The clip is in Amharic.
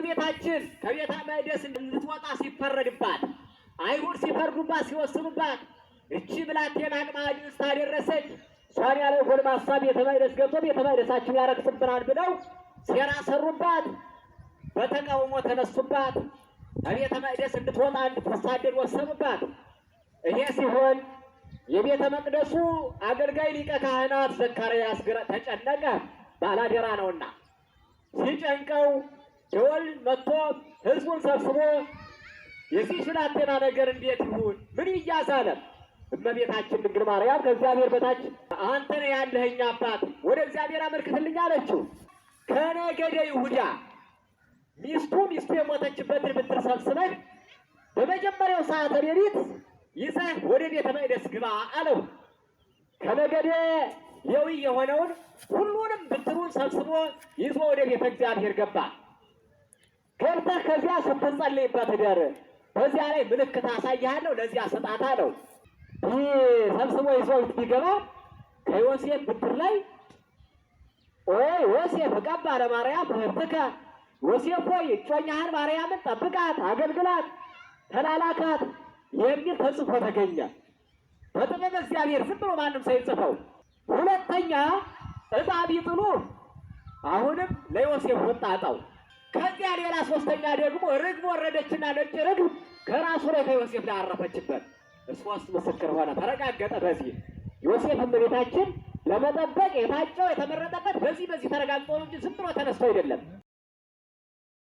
እመቤታችን ከቤተ መቅደስ እንድትወጣ ሲፈረድባት አይሁድ ሲፈርዱባት ሲወስኑባት እቺ ብላቴና አቅመ ታደረሰች እሷን ያለ ጎልማሳ ቤተ መቅደስ ገብቶ ቤተ መቅደሳችን ያረክስብናል ብለው ሴራ ሰሩባት። በተቃውሞ ተነሱባት። ከቤተ መቅደስ እንድትወጣ እንድትሳደድ ወሰኑባት። ይሄ ሲሆን የቤተ መቅደሱ አገልጋይ ሊቀ ካህናት ዘካርያስ ተጨነቀ። ባላደራ ነውና ሲጨንቀው ኦል መጥቶ ህዝቡን ሰብስቦ የዚህ ሽላቴና ነገር እንዴት ይሁን? ምን እያሳለ እመቤታችን ድንግል ማርያም ከእግዚአብሔር በታች አንተ ነህ ያለኸኝ አባት ወደ እግዚአብሔር አመልክትልኝ አለችው። ከነገደ ይሁዳ ሚስቱ ሚስቱ የሞተችበትን ብትር ሰብስበህ በመጀመሪያው ሰዓተ ሌሊት ይዘህ ወደ ቤተ መቅደስ ግባ አለው። ከነገደ ሌዊ የሆነውን ሁሉንም ብትሩን ሰብስቦ ይዞ ወደ ቤተ እግዚአብሔር ገባ። ገብተህ ከዚያ ስትጸልይበት እደር። በዚያ ላይ ምልክት አሳይሃለሁ፣ ለዚያ ስጣታ ነው። ይህ ሰብስቦ ይዘውት ቢገባ ከዮሴፍ ብድር ላይ ወይ ዮሴፍ ቀባ ለማርያም ብህርትከ፣ ዮሴፍ ሆይ እጮኛህን ማርያምን ጠብቃት፣ አገልግላት፣ ተላላካት የሚል ተጽፎ ተገኘ። በጥበብ እግዚአብሔር ዝም ብሎ ማንም ሰው ይጽፈው። ሁለተኛ እጣ ቢጥሉ አሁንም ለዮሴፍ ወጣ ከዚያ ሌላ ሶስተኛ ደግሞ ርግብ ወረደችና ነጭ ርግብ ከራሱ ላይ ከዮሴፍ ላይ አረፈችበት። እሷስ ምስክር ሆነ፣ ተረጋገጠ። በዚህ ዮሴፍ እመቤታችን ለመጠበቅ የታጨው የተመረጠበት በዚህ በዚህ ተረጋግጦ ነው እንጂ ዝም ብሎ ተነስቶ አይደለም።